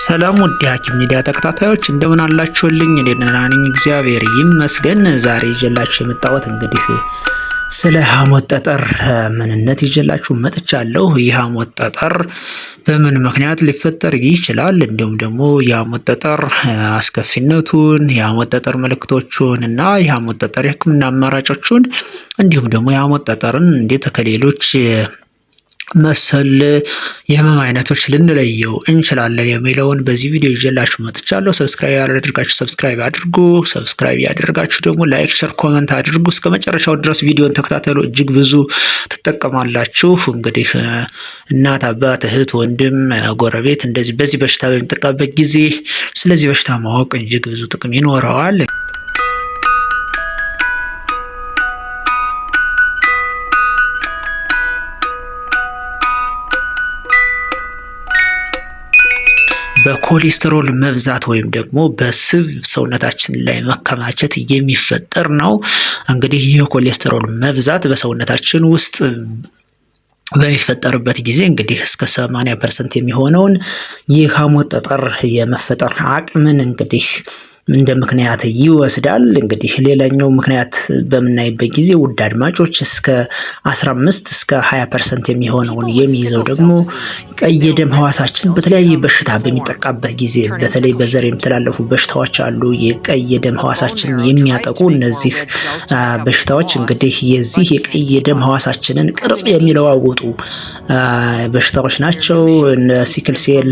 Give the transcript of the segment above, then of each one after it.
ሰላም ውድ ሐኪም ሚዲያ ተከታታዮች እንደምን አላችሁልኝ? እኔ ደህና ነኝ፣ እግዚአብሔር ይመስገን። ዛሬ ይዤላችሁ የመጣሁት እንግዲህ ስለ ሐሞት ጠጠር ምንነት ይዤላችሁ መጥቻለሁ። ይህ ሐሞት ጠጠር በምን ምክንያት ሊፈጠር ይችላል፣ እንዲሁም ደግሞ የሐሞት ጠጠር አስከፊነቱን፣ የሐሞት ጠጠር ምልክቶቹን እና የሐሞት ጠጠር የሕክምና አማራጮቹን እንዲሁም ደግሞ የሐሞት ጠጠርን እንዴት ከሌሎች መሰል የህመም አይነቶች ልንለየው እንችላለን የሚለውን በዚህ ቪዲዮ ይዤላችሁ መጥቻለሁ። ሰብስክራይብ ያላደርጋችሁ ሰብስክራይብ አድርጉ። ሰብስክራይብ ያደርጋችሁ ደግሞ ላይክ፣ ሸር፣ ኮመንት አድርጉ። እስከ መጨረሻው ድረስ ቪዲዮን ተከታተሉ። እጅግ ብዙ ትጠቀማላችሁ። እንግዲህ እናት፣ አባት፣ እህት፣ ወንድም፣ ጎረቤት እንደዚህ በዚህ በሽታ በሚጠቃበት ጊዜ ስለዚህ በሽታ ማወቅ እጅግ ብዙ ጥቅም ይኖረዋል። በኮሌስትሮል መብዛት ወይም ደግሞ በስብ ሰውነታችን ላይ መከማቸት የሚፈጠር ነው። እንግዲህ ይህ ኮሌስትሮል መብዛት በሰውነታችን ውስጥ በሚፈጠርበት ጊዜ እንግዲህ እስከ 80 ፐርሰንት የሚሆነውን የሐሞት ጠጠር የመፈጠር አቅምን እንግዲህ እንደ ምክንያት ይወስዳል። እንግዲህ ሌላኛው ምክንያት በምናይበት ጊዜ ውድ አድማጮች እስከ 15 እስከ 20 ፐርሰንት የሚሆነውን የሚይዘው ደግሞ ቀይ የደም ህዋሳችን በተለያየ በሽታ በሚጠቃበት ጊዜ በተለይ በዘር የሚተላለፉ በሽታዎች አሉ። የቀይ የደም ህዋሳችንን የሚያጠቁ እነዚህ በሽታዎች እንግዲህ የዚህ የቀይ የደም ህዋሳችንን ቅርጽ የሚለዋውጡ በሽታዎች ናቸው። ሲክልሴል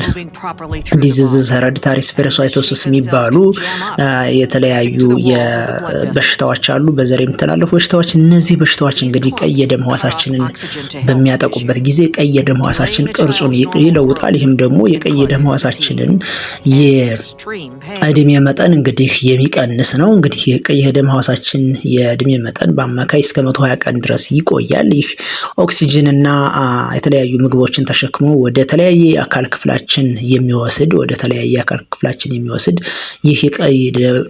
ዲዚዝዝ፣ ሄረዲታሪ ስፔሮሳይቶሲስ የሚባሉ የተለያዩ በሽታዎች አሉ፣ በዘር የሚተላለፉ በሽታዎች። እነዚህ በሽታዎች እንግዲህ ቀይ የደም ሕዋሳችንን በሚያጠቁበት ጊዜ ቀይ የደም ሕዋሳችን ቅርጹን ይለውጣል። ይህም ደግሞ የቀይ የደም ሕዋሳችንን የእድሜ መጠን እንግዲህ የሚቀንስ ነው። እንግዲህ የቀይ የደም የእድሜ መጠን በአማካይ እስከ መቶ ሀያ ቀን ድረስ ይቆያል። ይህ ኦክሲጅንና የተለያዩ ምግቦችን ተሸክሞ ወደ ተለያየ አካል ክፍላችን የሚወስድ ወደ ተለያየ አካል ክፍላችን የሚወስድ ይህ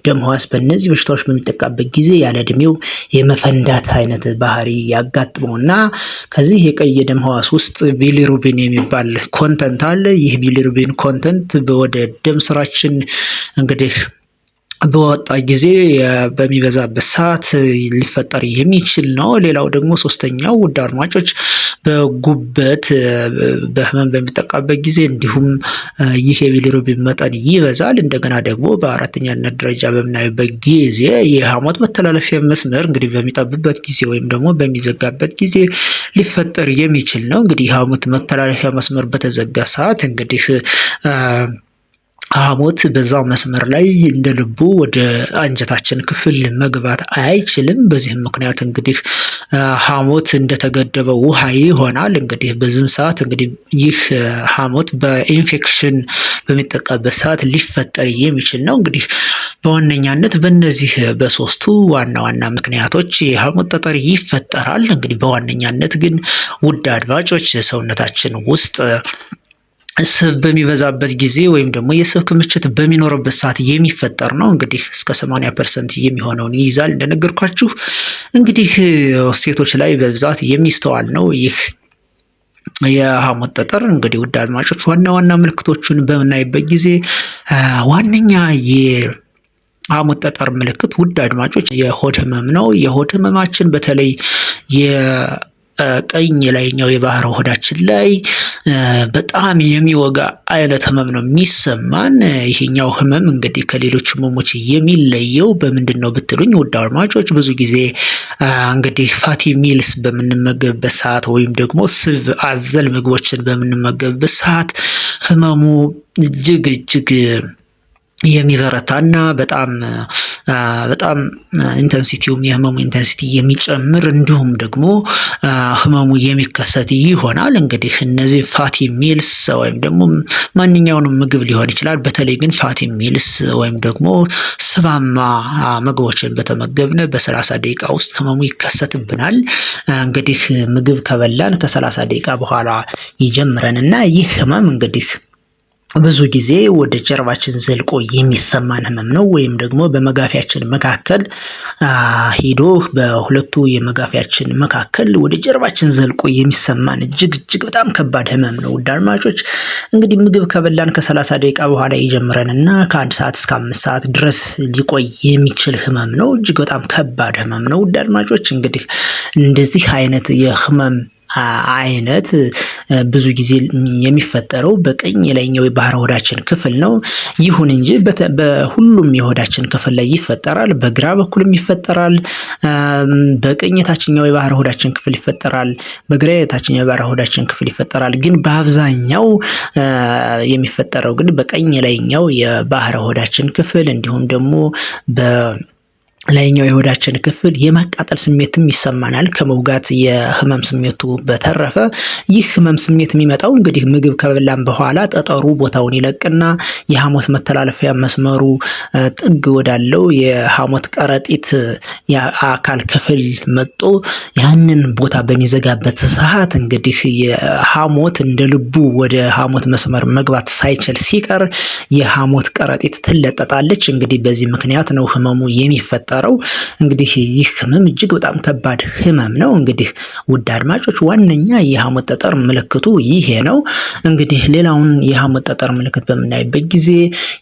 ደም ህዋስ በእነዚህ በሽታዎች በሚጠቃበት ጊዜ ያለ እድሜው የመፈንዳት አይነት ባህሪ እና ከዚህ የቀይ የደም ህዋስ ውስጥ ቢሊሩቢን የሚባል ኮንተንት አለ። ይህ ቢሊሩቢን ኮንተንት ወደ ደም ስራችን እንግዲህ በወጣ ጊዜ በሚበዛበት ሰዓት ሊፈጠር የሚችል ነው። ሌላው ደግሞ ሶስተኛው ውድ አድማጮች በጉበት በህመም በሚጠቃበት ጊዜ እንዲሁም ይህ የቢሊሩቢን መጠን ይበዛል። እንደገና ደግሞ በአራተኛነት ደረጃ በምናይበት ጊዜ የሐሞት መተላለፊያ መስመር እንግዲህ በሚጠብበት ጊዜ ወይም ደግሞ በሚዘጋበት ጊዜ ሊፈጠር የሚችል ነው። እንግዲህ የሐሞት መተላለፊያ መስመር በተዘጋ ሰዓት እንግዲህ ሐሞት በዛው መስመር ላይ እንደ ልቡ ወደ አንጀታችን ክፍል መግባት አይችልም። በዚህም ምክንያት እንግዲህ ሐሞት እንደተገደበ ውሃ ይሆናል። እንግዲህ በዚህን ሰዓት እንግዲህ ይህ ሐሞት በኢንፌክሽን በሚጠቃበት ሰዓት ሊፈጠር የሚችል ነው። እንግዲህ በዋነኛነት በእነዚህ በሶስቱ ዋና ዋና ምክንያቶች የሐሞት ጠጠር ይፈጠራል። እንግዲህ በዋነኛነት ግን ውድ አድማጮች ሰውነታችን ውስጥ ስብ በሚበዛበት ጊዜ ወይም ደግሞ የስብ ክምችት በሚኖርበት ሰዓት የሚፈጠር ነው። እንግዲህ እስከ 80 ፐርሰንት የሚሆነውን ይይዛል። እንደነገርኳችሁ እንግዲህ ሴቶች ላይ በብዛት የሚስተዋል ነው ይህ የሐሞት ጠጠር እንግዲህ ውድ አድማጮች ዋና ዋና ምልክቶቹን በምናይበት ጊዜ ዋነኛ የሐሞት ጠጠር ምልክት ውድ አድማጮች የሆድ ህመም ነው። የሆድ ህመማችን በተለይ ቀኝ የላይኛው የባህረ ሆዳችን ላይ በጣም የሚወጋ አይነት ህመም ነው የሚሰማን። ይሄኛው ህመም እንግዲህ ከሌሎች ህመሞች የሚለየው በምንድን ነው ብትሉኝ፣ ውድ አድማጮች ብዙ ጊዜ እንግዲህ ፋቲ ሚልስ በምንመገብበት ሰዓት ወይም ደግሞ ስብ አዘል ምግቦችን በምንመገብበት ሰዓት ህመሙ እጅግ እጅግ የሚበረታና በጣም በጣም ኢንተንሲቲውም የህመሙ ኢንተንሲቲ የሚጨምር እንዲሁም ደግሞ ህመሙ የሚከሰት ይሆናል። እንግዲህ እነዚህ ፋቲ ሚልስ ወይም ደግሞ ማንኛውንም ምግብ ሊሆን ይችላል። በተለይ ግን ፋቲ ሚልስ ወይም ደግሞ ስባማ ምግቦችን በተመገብነ በሰላሳ ደቂቃ ውስጥ ህመሙ ይከሰትብናል። እንግዲህ ምግብ ከበላን ከሰላሳ ደቂቃ በኋላ ይጀምረን እና ይህ ህመም እንግዲህ ብዙ ጊዜ ወደ ጀርባችን ዘልቆ የሚሰማን ህመም ነው። ወይም ደግሞ በመጋፊያችን መካከል ሄዶ በሁለቱ የመጋፊያችን መካከል ወደ ጀርባችን ዘልቆ የሚሰማን እጅግ እጅግ በጣም ከባድ ህመም ነው። ውድ አድማጮች እንግዲህ ምግብ ከበላን ከ30 ደቂቃ በኋላ ይጀምረን እና ከአንድ ሰዓት እስከ አምስት ሰዓት ድረስ ሊቆይ የሚችል ህመም ነው። እጅግ በጣም ከባድ ህመም ነው። ውድ አድማጮች እንግዲህ እንደዚህ አይነት የህመም አይነት ብዙ ጊዜ የሚፈጠረው በቀኝ የላይኛው የባህረ ሆዳችን ክፍል ነው። ይሁን እንጂ በሁሉም የሆዳችን ክፍል ላይ ይፈጠራል። በግራ በኩልም ይፈጠራል። በቀኝ የታችኛው የባህረ ሆዳችን ክፍል ይፈጠራል። በግራ የታችኛው የባህረ ሆዳችን ክፍል ይፈጠራል። ግን በአብዛኛው የሚፈጠረው ግን በቀኝ የላይኛው የባህረ ሆዳችን ክፍል እንዲሁም ደግሞ በ ላይኛው የሆዳችን ክፍል የማቃጠል ስሜትም ይሰማናል፣ ከመውጋት የህመም ስሜቱ በተረፈ ይህ ህመም ስሜት የሚመጣው እንግዲህ ምግብ ከበላን በኋላ ጠጠሩ ቦታውን ይለቅና የሐሞት መተላለፊያ መስመሩ ጥግ ወዳለው የሐሞት ቀረጢት የአካል ክፍል መጦ ያንን ቦታ በሚዘጋበት ሰዓት እንግዲህ የሐሞት እንደ ልቡ ወደ ሐሞት መስመር መግባት ሳይችል ሲቀር የሐሞት ቀረጢት ትለጠጣለች። እንግዲህ በዚህ ምክንያት ነው ህመሙ የሚፈ የሚፈጠረው። እንግዲህ ይህ ህመም እጅግ በጣም ከባድ ህመም ነው። እንግዲህ ውድ አድማጮች ዋነኛ የሐሞት ጠጠር ምልክቱ ይሄ ነው። እንግዲህ ሌላውን የሐሞት ጠጠር ምልክት በምናይበት ጊዜ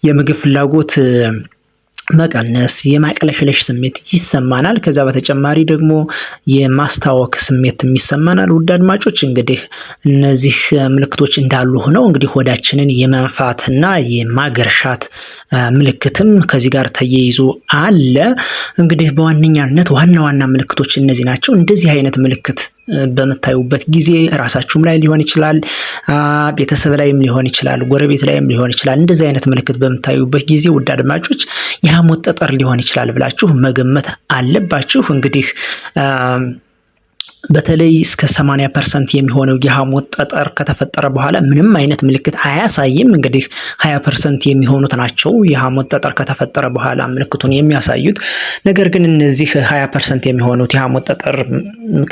የምግብ ፍላጎት መቀነስ የማቅለሽለሽ ስሜት ይሰማናል። ከዛ በተጨማሪ ደግሞ የማስታወክ ስሜትም ይሰማናል። ውድ አድማጮች እንግዲህ እነዚህ ምልክቶች እንዳሉ ሆነው እንግዲህ ሆዳችንን የመንፋትና የማገርሻት ምልክትም ከዚህ ጋር ተያይዞ አለ። እንግዲህ በዋነኛነት ዋና ዋና ምልክቶች እነዚህ ናቸው። እንደዚህ አይነት ምልክት በምታዩበት ጊዜ ራሳችሁም ላይ ሊሆን ይችላል፣ ቤተሰብ ላይም ሊሆን ይችላል፣ ጎረቤት ላይም ሊሆን ይችላል። እንደዚህ አይነት ምልክት በምታዩበት ጊዜ ውድ አድማጮች የሐሞት ጠጠር ሊሆን ይችላል ብላችሁ መገመት አለባችሁ። እንግዲህ በተለይ እስከ 80 ፐርሰንት የሚሆነው የሐሞት ጠጠር ከተፈጠረ በኋላ ምንም አይነት ምልክት አያሳይም። እንግዲህ 20 ፐርሰንት የሚሆኑት ናቸው የሐሞት ጠጠር ከተፈጠረ በኋላ ምልክቱን የሚያሳዩት። ነገር ግን እነዚህ 20 ፐርሰንት የሚሆኑት የሐሞት ጠጠር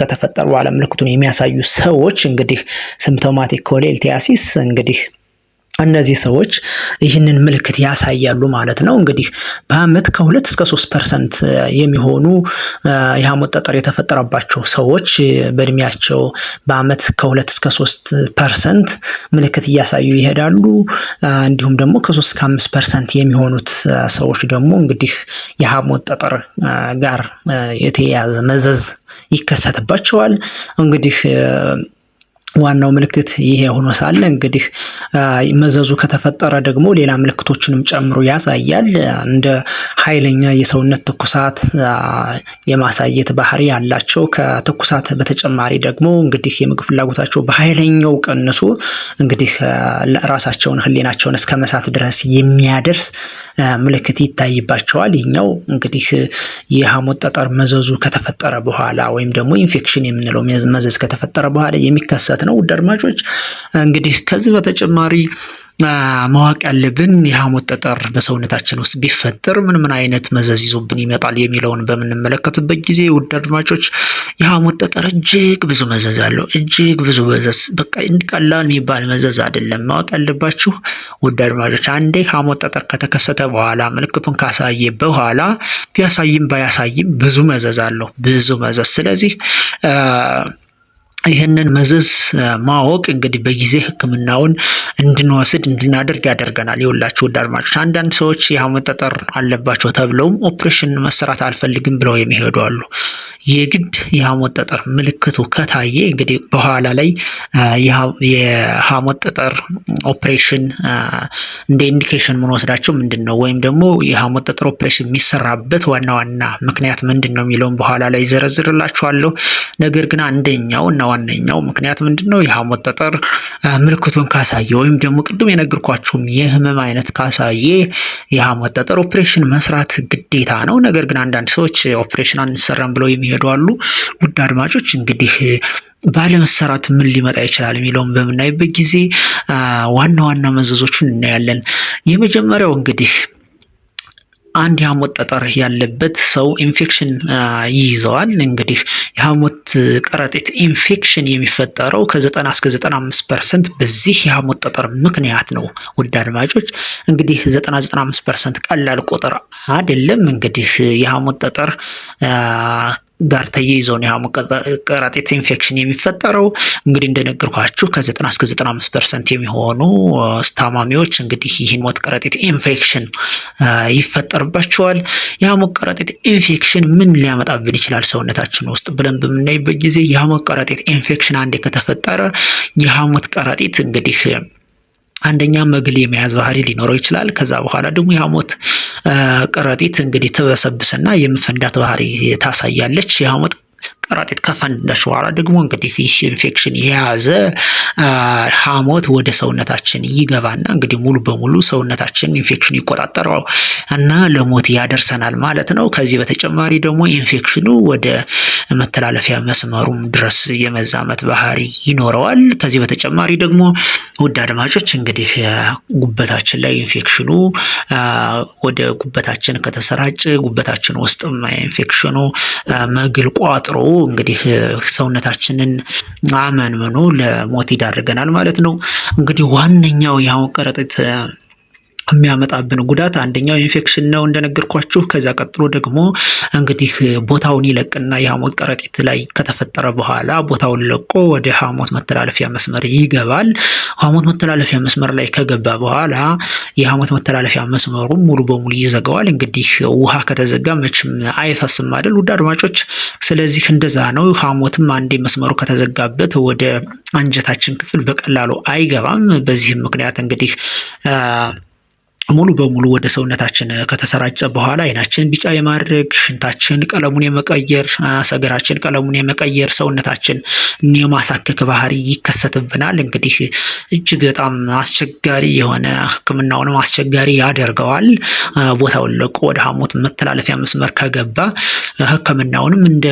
ከተፈጠረ በኋላ ምልክቱን የሚያሳዩ ሰዎች እንግዲህ ሲምፕቶማቲክ ኮሌልቲያሲስ እንግዲህ እነዚህ ሰዎች ይህንን ምልክት ያሳያሉ ማለት ነው። እንግዲህ በአመት ከሁለት እስከ ሶስት ፐርሰንት የሚሆኑ የሐሞት ጠጠር የተፈጠረባቸው ሰዎች በእድሜያቸው በአመት ከሁለት እስከ ሶስት ፐርሰንት ምልክት እያሳዩ ይሄዳሉ። እንዲሁም ደግሞ ከሶስት እስከ አምስት ፐርሰንት የሚሆኑት ሰዎች ደግሞ እንግዲህ የሐሞት ጠጠር ጋር የተያያዘ መዘዝ ይከሰትባቸዋል እንግዲህ ዋናው ምልክት ይሄ ሆኖ ሳለ እንግዲህ መዘዙ ከተፈጠረ ደግሞ ሌላ ምልክቶችንም ጨምሮ ያሳያል። እንደ ኃይለኛ የሰውነት ትኩሳት የማሳየት ባህሪ ያላቸው፣ ከትኩሳት በተጨማሪ ደግሞ እንግዲህ የምግብ ፍላጎታቸው በኃይለኛው ቀንሱ እንግዲህ ራሳቸውን ህሊናቸውን እስከ መሳት ድረስ የሚያደርስ ምልክት ይታይባቸዋል። ይህኛው እንግዲህ የሐሞት ጠጠር መዘዙ ከተፈጠረ በኋላ ወይም ደግሞ ኢንፌክሽን የምንለው መዘዝ ከተፈጠረ በኋላ የሚከሰት ነው። ውድ አድማጮች እንግዲህ ከዚህ በተጨማሪ ማወቅ ያለብን የሐሞት ጠጠር በሰውነታችን ውስጥ ቢፈጠር ምን ምን አይነት መዘዝ ይዞብን ይመጣል የሚለውን በምንመለከትበት ጊዜ ውድ አድማጮች የሐሞት ጠጠር እጅግ ብዙ መዘዝ አለው። እጅግ ብዙ መዘዝ፣ በቃ ቀላል የሚባል መዘዝ አይደለም። ማወቅ ያለባችሁ ውድ አድማጮች አንዴ ሐሞት ጠጠር ከተከሰተ በኋላ ምልክቱን ካሳየ በኋላ ቢያሳይም ባያሳይም ብዙ መዘዝ አለው። ብዙ መዘዝ ስለዚህ ይህንን መዘዝ ማወቅ እንግዲህ በጊዜ ሕክምናውን እንድንወስድ እንድናደርግ ያደርገናል። የሁላችሁ ውድ አድማጮች፣ አንዳንድ ሰዎች የሐሞት ጠጠር አለባቸው ተብለውም ኦፕሬሽን መሰራት አልፈልግም ብለው የሚሄዱ አሉ። የግድ የሐሞት ጠጠር ምልክቱ ከታየ እንግዲህ በኋላ ላይ የሐሞት ጠጠር ኦፕሬሽን እንደ ኢንዲኬሽን ምንወስዳቸው ምንድን ነው ወይም ደግሞ የሐሞት ጠጠር ኦፕሬሽን የሚሰራበት ዋና ዋና ምክንያት ምንድን ነው የሚለውን በኋላ ላይ ዘረዝርላቸዋለሁ ነገር ግን አንደኛው እና ዋነኛው ምክንያት ምንድን ነው? የሐሞት ጠጠር ምልክቱን ካሳየ ወይም ደግሞ ቅድም የነገርኳችሁም የህመም አይነት ካሳየ የሐሞት ጠጠር ኦፕሬሽን መስራት ግዴታ ነው። ነገር ግን አንዳንድ ሰዎች ኦፕሬሽን አንሰራም ብለው የሚሄዱ አሉ። ውድ አድማጮች እንግዲህ ባለመሰራት ምን ሊመጣ ይችላል የሚለውን በምናይበት ጊዜ ዋና ዋና መዘዞቹን እናያለን። የመጀመሪያው እንግዲህ አንድ የሐሞት ጠጠር ያለበት ሰው ኢንፌክሽን ይይዘዋል። እንግዲህ የሐሞት ከረጢት ኢንፌክሽን የሚፈጠረው ከ90 እስከ 95 ፐርሰንት በዚህ የሐሞት ጠጠር ምክንያት ነው። ውድ አድማጮች እንግዲህ 995 ፐርሰንት ቀላል ቁጥር አይደለም። እንግዲህ የሐሞት ጠጠር ጋር ተያይዞ ነው ያው ከረጢት ኢንፌክሽን የሚፈጠረው። እንግዲህ እንደነገርኳችሁ ከ90 እስከ 95 ፐርሰንት የሚሆኑ ታማሚዎች እንግዲህ ይህን ሞት ከረጢት ኢንፌክሽን ይፈጠርባቸዋል። የሐሞት ከረጢት ኢንፌክሽን ምን ሊያመጣብን ይችላል ሰውነታችን ውስጥ ብለን በምናይበት ጊዜ የሐሞት ከረጢት ኢንፌክሽን አንዴ ከተፈጠረ የሐሞት ከረጢት እንግዲህ አንደኛ መግል የመያዝ ባህሪ ሊኖረው ይችላል። ከዛ በኋላ ደግሞ የሐሞት ከረጢት እንግዲህ ትበሰብስና የመፈንዳት ባህሪ ታሳያለች የሐሞት ከረጢት ከፈነደች በኋላ ደግሞ እንግዲህ ይህ ኢንፌክሽን የያዘ ሐሞት ወደ ሰውነታችን ይገባና እንግዲህ ሙሉ በሙሉ ሰውነታችን ኢንፌክሽን ይቆጣጠረው እና ለሞት ያደርሰናል ማለት ነው። ከዚህ በተጨማሪ ደግሞ ኢንፌክሽኑ ወደ መተላለፊያ መስመሩም ድረስ የመዛመት ባህሪ ይኖረዋል። ከዚህ በተጨማሪ ደግሞ ውድ አድማጮች እንግዲህ ጉበታችን ላይ ኢንፌክሽኑ ወደ ጉበታችን ከተሰራጭ ጉበታችን ውስጥ ኢንፌክሽኑ መግል ቋጥሮ እንግዲህ ሰውነታችንን አመንምኖ ለሞት ይዳርገናል ማለት ነው። እንግዲህ ዋነኛው ያው ከረጢት የሚያመጣብን ጉዳት አንደኛው ኢንፌክሽን ነው እንደነገርኳችሁ። ከዛ ቀጥሎ ደግሞ እንግዲህ ቦታውን ይለቅና የሐሞት ከረጢት ላይ ከተፈጠረ በኋላ ቦታውን ለቆ ወደ ሐሞት መተላለፊያ መስመር ይገባል። ሐሞት መተላለፊያ መስመር ላይ ከገባ በኋላ የሐሞት መተላለፊያ መስመሩ ሙሉ በሙሉ ይዘጋዋል። እንግዲህ ውሃ ከተዘጋ መቼም አይፈስም አይደል? ውድ አድማጮች፣ ስለዚህ እንደዛ ነው። ሐሞትም አንዴ መስመሩ ከተዘጋበት ወደ አንጀታችን ክፍል በቀላሉ አይገባም። በዚህም ምክንያት እንግዲህ ሙሉ በሙሉ ወደ ሰውነታችን ከተሰራጨ በኋላ አይናችን ቢጫ የማድረግ ሽንታችን ቀለሙን የመቀየር ሰገራችን ቀለሙን የመቀየር ሰውነታችን የማሳከክ ባህሪ ይከሰትብናል። እንግዲህ እጅግ በጣም አስቸጋሪ የሆነ ሕክምናውንም አስቸጋሪ ያደርገዋል። ቦታውን ለቆ ወደ ሐሞት መተላለፊያ መስመር ከገባ ሕክምናውንም እንደ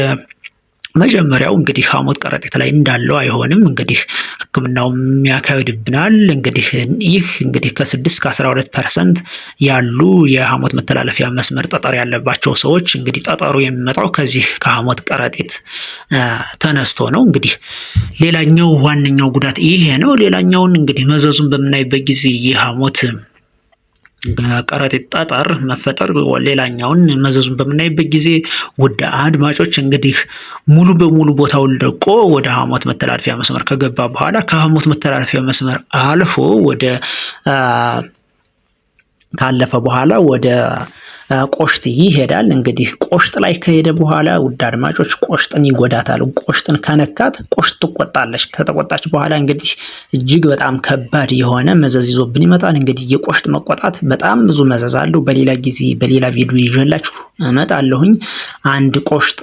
መጀመሪያው እንግዲህ ሐሞት ከረጢት ላይ እንዳለው አይሆንም። እንግዲህ ሕክምናውም ያካሂድብናል። እንግዲህ ይህ እንግዲህ ከስድስት ከአስራ ሁለት ፐርሰንት ያሉ የሐሞት መተላለፊያ መስመር ጠጠር ያለባቸው ሰዎች እንግዲህ ጠጠሩ የሚመጣው ከዚህ ከሐሞት ከረጢት ተነስቶ ነው። እንግዲህ ሌላኛው ዋነኛው ጉዳት ይሄ ነው። ሌላኛውን እንግዲህ መዘዙን በምናይበት ጊዜ ይህ ሐሞት በቀረጥ ጠጠር መፈጠር ሌላኛውን መዘዙን በምናይበት ጊዜ ውድ አድማጮች እንግዲህ ሙሉ በሙሉ ቦታውን ለቆ ወደ ሐሞት መተላለፊያ መስመር ከገባ በኋላ ከሐሞት መተላለፊያ መስመር አልፎ ወደ ካለፈ በኋላ ወደ ቆሽት ይሄዳል። እንግዲህ ቆሽጥ ላይ ከሄደ በኋላ ውድ አድማጮች ቆሽጥን ይጎዳታል። ቆሽጥን ከነካት ቆሽጥ ትቆጣለች። ከተቆጣች በኋላ እንግዲህ እጅግ በጣም ከባድ የሆነ መዘዝ ይዞብን ይመጣል። እንግዲህ የቆሽት መቆጣት በጣም ብዙ መዘዝ አለው። በሌላ ጊዜ በሌላ ቪዲዮ ይዤላችሁ እመጣለሁኝ። አንድ ቆሽጥ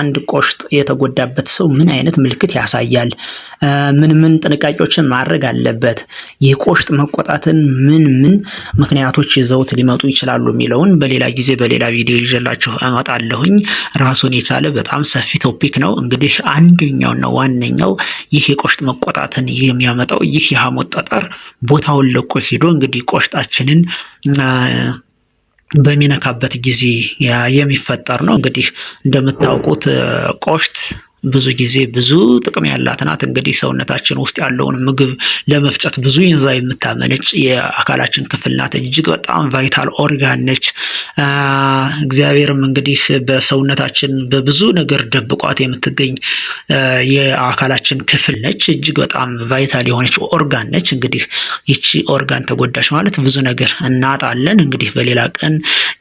አንድ ቆሽጥ የተጎዳበት ሰው ምን አይነት ምልክት ያሳያል? ምን ምን ጥንቃቄዎችን ማድረግ አለበት? የቆሽጥ መቆጣትን ምን ምን ምክንያቶች ይዘውት ሊመጡ ይችላሉ የሚለውን በሌላ ጊዜ በሌላ ቪዲዮ ይዤላችሁ እመጣለሁኝ። ራሱን የቻለ በጣም ሰፊ ቶፒክ ነው። እንግዲህ አንደኛው ነው ዋነኛው ይህ የቆሽት መቆጣትን የሚያመጣው ይህ የሐሞት ጠጠር ቦታውን ለቆ ሄዶ እንግዲህ ቆሽጣችንን በሚነካበት ጊዜ የሚፈጠር ነው። እንግዲህ እንደምታውቁት ቆሽት ብዙ ጊዜ ብዙ ጥቅም ያላት ናት። እንግዲህ ሰውነታችን ውስጥ ያለውን ምግብ ለመፍጨት ብዙ ይንዛ የምታመነጭ የአካላችን ክፍል ናት። እጅግ በጣም ቫይታል ኦርጋን ነች። እግዚአብሔርም እንግዲህ በሰውነታችን በብዙ ነገር ደብቋት የምትገኝ የአካላችን ክፍል ነች። እጅግ በጣም ቫይታል የሆነች ኦርጋን ነች። እንግዲህ ይቺ ኦርጋን ተጎዳች ማለት ብዙ ነገር እናጣለን። እንግዲህ በሌላ ቀን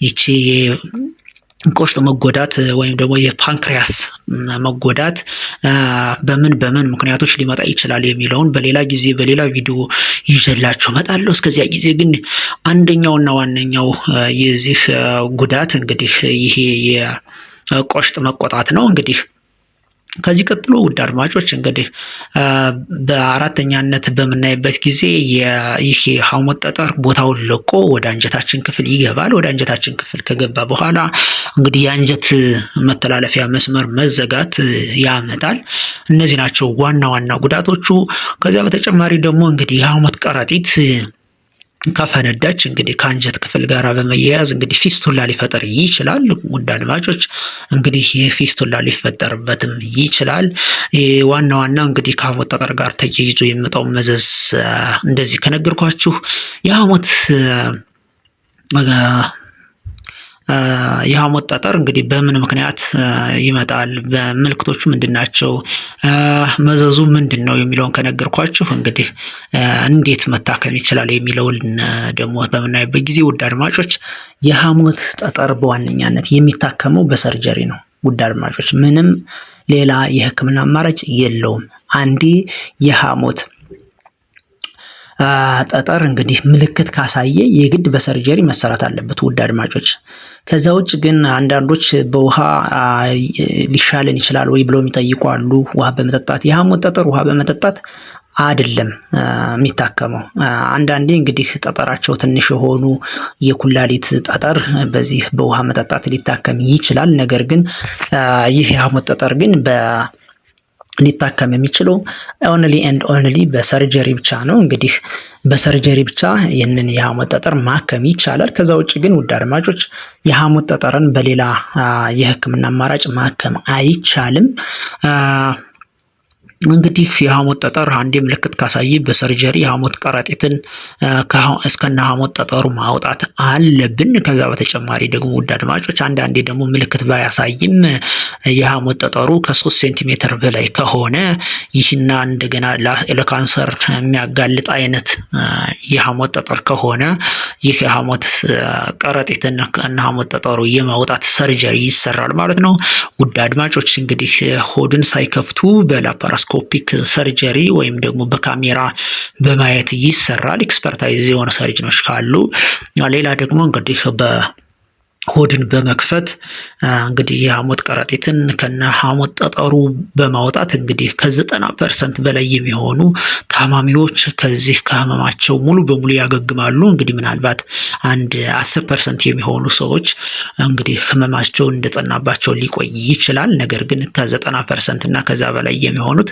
ይቺ ቆሽት መጎዳት ወይም ደግሞ የፓንክሪያስ መጎዳት በምን በምን ምክንያቶች ሊመጣ ይችላል የሚለውን በሌላ ጊዜ በሌላ ቪዲዮ ይዤላችሁ እመጣለሁ። እስከዚያ ጊዜ ግን አንደኛውና ዋነኛው የዚህ ጉዳት እንግዲህ ይሄ የቆሽት መቆጣት ነው እንግዲህ ከዚህ ቀጥሎ ውድ አድማጮች እንግዲህ በአራተኛነት በምናይበት ጊዜ ይህ ሐሞት ጠጠር ቦታውን ለቆ ወደ አንጀታችን ክፍል ይገባል። ወደ አንጀታችን ክፍል ከገባ በኋላ እንግዲህ የአንጀት መተላለፊያ መስመር መዘጋት ያመጣል። እነዚህ ናቸው ዋና ዋና ጉዳቶቹ። ከዚያ በተጨማሪ ደግሞ እንግዲህ የሐሞት ከረጢት ከፈነዳች እንግዲህ ከአንጀት ክፍል ጋር በመያያዝ እንግዲህ ፊስቱላ ሊፈጠር ይችላል። ውድ አድማጮች እንግዲህ ይህ ፊስቱላ ሊፈጠርበትም ይችላል። ዋና ዋና እንግዲህ ከሐሞት ጠጠር ጋር ተያይዞ የሚመጣው መዘዝ እንደዚህ ከነገርኳችሁ የሐሞት የሐሞት ጠጠር እንግዲህ በምን ምክንያት ይመጣል? ምልክቶቹ ምንድን ናቸው? መዘዙ ምንድን ነው? የሚለውን ከነገርኳችሁ እንግዲህ እንዴት መታከም ይችላል የሚለውን ደግሞ በምናይበት ጊዜ ውድ አድማጮች የሐሞት ጠጠር በዋነኛነት የሚታከመው በሰርጀሪ ነው። ውድ አድማጮች ምንም ሌላ የሕክምና አማራጭ የለውም። አንዴ የሐሞት ጠጠር እንግዲህ ምልክት ካሳየ የግድ በሰርጀሪ መሰራት አለበት። ውድ አድማጮች፣ ከዛ ውጭ ግን አንዳንዶች በውሃ ሊሻለን ይችላል ወይ ብለው የሚጠይቁ አሉ። ውሃ በመጠጣት የሐሞት ጠጠር ውሃ በመጠጣት አይደለም የሚታከመው። አንዳንዴ እንግዲህ ጠጠራቸው ትንሽ የሆኑ የኩላሊት ጠጠር በዚህ በውሃ መጠጣት ሊታከም ይችላል። ነገር ግን ይህ የሐሞት ጠጠር ግን በ ሊታከም የሚችለው ኦንሊ ኤንድ ኦንሊ በሰርጀሪ ብቻ ነው። እንግዲህ በሰርጀሪ ብቻ ይህንን የሐሞት ጠጠር ማከም ይቻላል። ከዛ ውጭ ግን ውድ አድማጮች የሐሞት ጠጠርን በሌላ የሕክምና አማራጭ ማከም አይቻልም። እንግዲህ የሐሞት ጠጠር አንዴ ምልክት ካሳየ በሰርጀሪ የሐሞት ከረጢትን እስከነ ሐሞት ጠጠሩ ማውጣት አለብን። ከዛ በተጨማሪ ደግሞ ውድ አድማጮች አንዳንዴ ደግሞ ምልክት ባያሳይም የሐሞት ጠጠሩ ከሶስት ሴንቲሜትር በላይ ከሆነ ይህና እንደገና ለካንሰር የሚያጋልጥ አይነት የሐሞት ጠጠር ከሆነ ይህ የሐሞት ከረጢትን እና ሐሞት ጠጠሩ የማውጣት ሰርጀሪ ይሰራል ማለት ነው። ውድ አድማጮች እንግዲህ ሆድን ሳይከፍቱ በላፓራስ በላፕሮስኮፒክ ሰርጀሪ ወይም ደግሞ በካሜራ በማየት ይሰራል። ኤክስፐርታይዝ የሆነ ሰርጅኖች ካሉ ሌላ ደግሞ እንግዲህ በ ሆድን በመክፈት እንግዲህ የሐሞት ከረጢትን ከነ ሐሞት ጠጠሩ በማውጣት እንግዲህ ከዘጠና ፐርሰንት በላይ የሚሆኑ ታማሚዎች ከዚህ ከህመማቸው ሙሉ በሙሉ ያገግማሉ። እንግዲህ ምናልባት አንድ አስር ፐርሰንት የሚሆኑ ሰዎች እንግዲህ ህመማቸው እንደጠናባቸው ሊቆይ ይችላል። ነገር ግን ከዘጠና ፐርሰንት እና ከዛ በላይ የሚሆኑት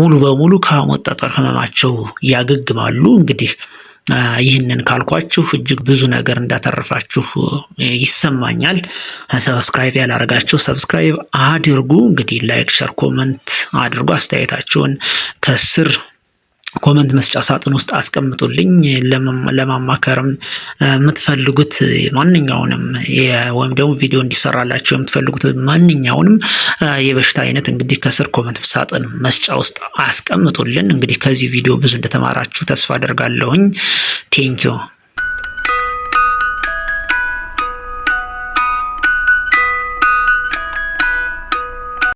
ሙሉ በሙሉ ከሐሞት ጠጠር ህመማቸው ያገግማሉ። እንግዲህ ይህንን ካልኳችሁ እጅግ ብዙ ነገር እንዳተረፋችሁ ይሰማኛል። ሰብስክራይብ ያላረጋችሁ ሰብስክራይብ አድርጉ። እንግዲህ ላይክ፣ ሸር፣ ኮመንት አድርጉ። አስተያየታችሁን ከስር ኮመንት መስጫ ሳጥን ውስጥ አስቀምጡልኝ። ለማማከርም የምትፈልጉት ማንኛውንም ወይም ደግሞ ቪዲዮ እንዲሰራላቸው የምትፈልጉት ማንኛውንም የበሽታ አይነት እንግዲህ ከስር ኮመንት ሳጥን መስጫ ውስጥ አስቀምጡልን። እንግዲህ ከዚህ ቪዲዮ ብዙ እንደተማራችሁ ተስፋ አደርጋለሁኝ። ቴንኪዮ